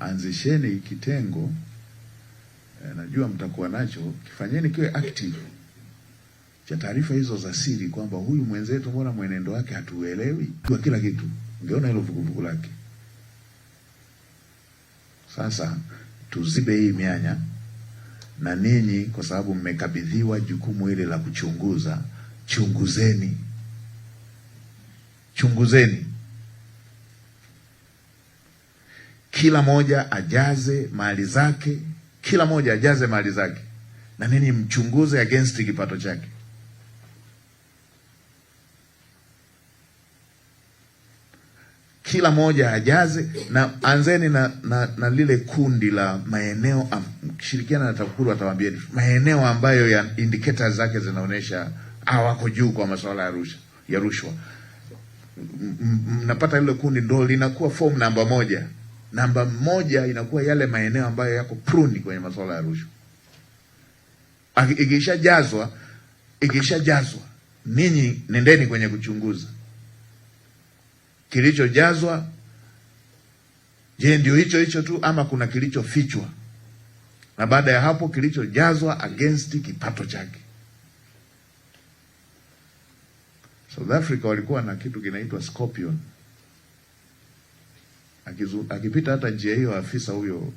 anzisheni kitengo eh, najua mtakuwa nacho, kifanyeni kiwe active cha taarifa hizo za siri, kwamba huyu mwenzetu, mbona mwenendo wake hatuelewi, kwa kila kitu. Ungeona hilo vuguvugu lake. Sasa tuzibe hii mianya, na ninyi kwa sababu mmekabidhiwa jukumu ile la kuchunguza, chunguzeni, chunguzeni. kila moja ajaze mali zake, kila moja ajaze mali zake, na nini, mchunguze against kipato chake. Kila moja ajaze, na anzeni na, na, na lile kundi la maeneo, mkishirikiana na TAKUKURU atawaambieni maeneo ambayo ya indicators zake zinaonyesha hawako juu kwa masuala ya rushwa ya rushwa. Mnapata lile kundi, ndo linakuwa form namba moja namba moja inakuwa yale maeneo ambayo yako pruni kwenye masuala ya rushwa. Ikishajazwa, ikishajazwa, ninyi nendeni kwenye kuchunguza kilichojazwa. Je, ndio hicho hicho tu ama kuna kilichofichwa? Na baada ya hapo kilichojazwa against kipato chake. South Africa walikuwa na kitu kinaitwa Scorpion akizu, akipita hata njia hiyo afisa huyo,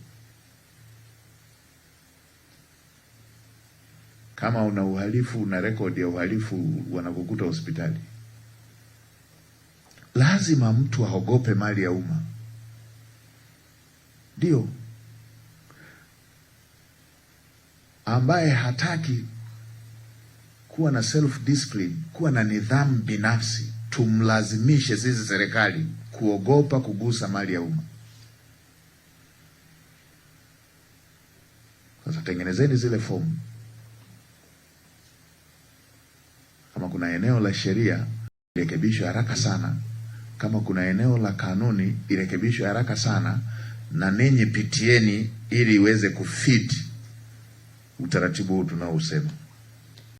kama una uhalifu na rekodi ya uhalifu, wanakukuta hospitali. Lazima mtu aogope mali ya umma, ndio ambaye hataki kuwa na self discipline, kuwa na nidhamu binafsi tumlazimishe sisi serikali kuogopa kugusa mali ya umma. Sasa tengenezeni zile fomu, kama kuna eneo la sheria irekebishwe haraka sana, kama kuna eneo la kanuni irekebishwe haraka sana, na ninyi pitieni ili iweze kufiti utaratibu huu tunaousema.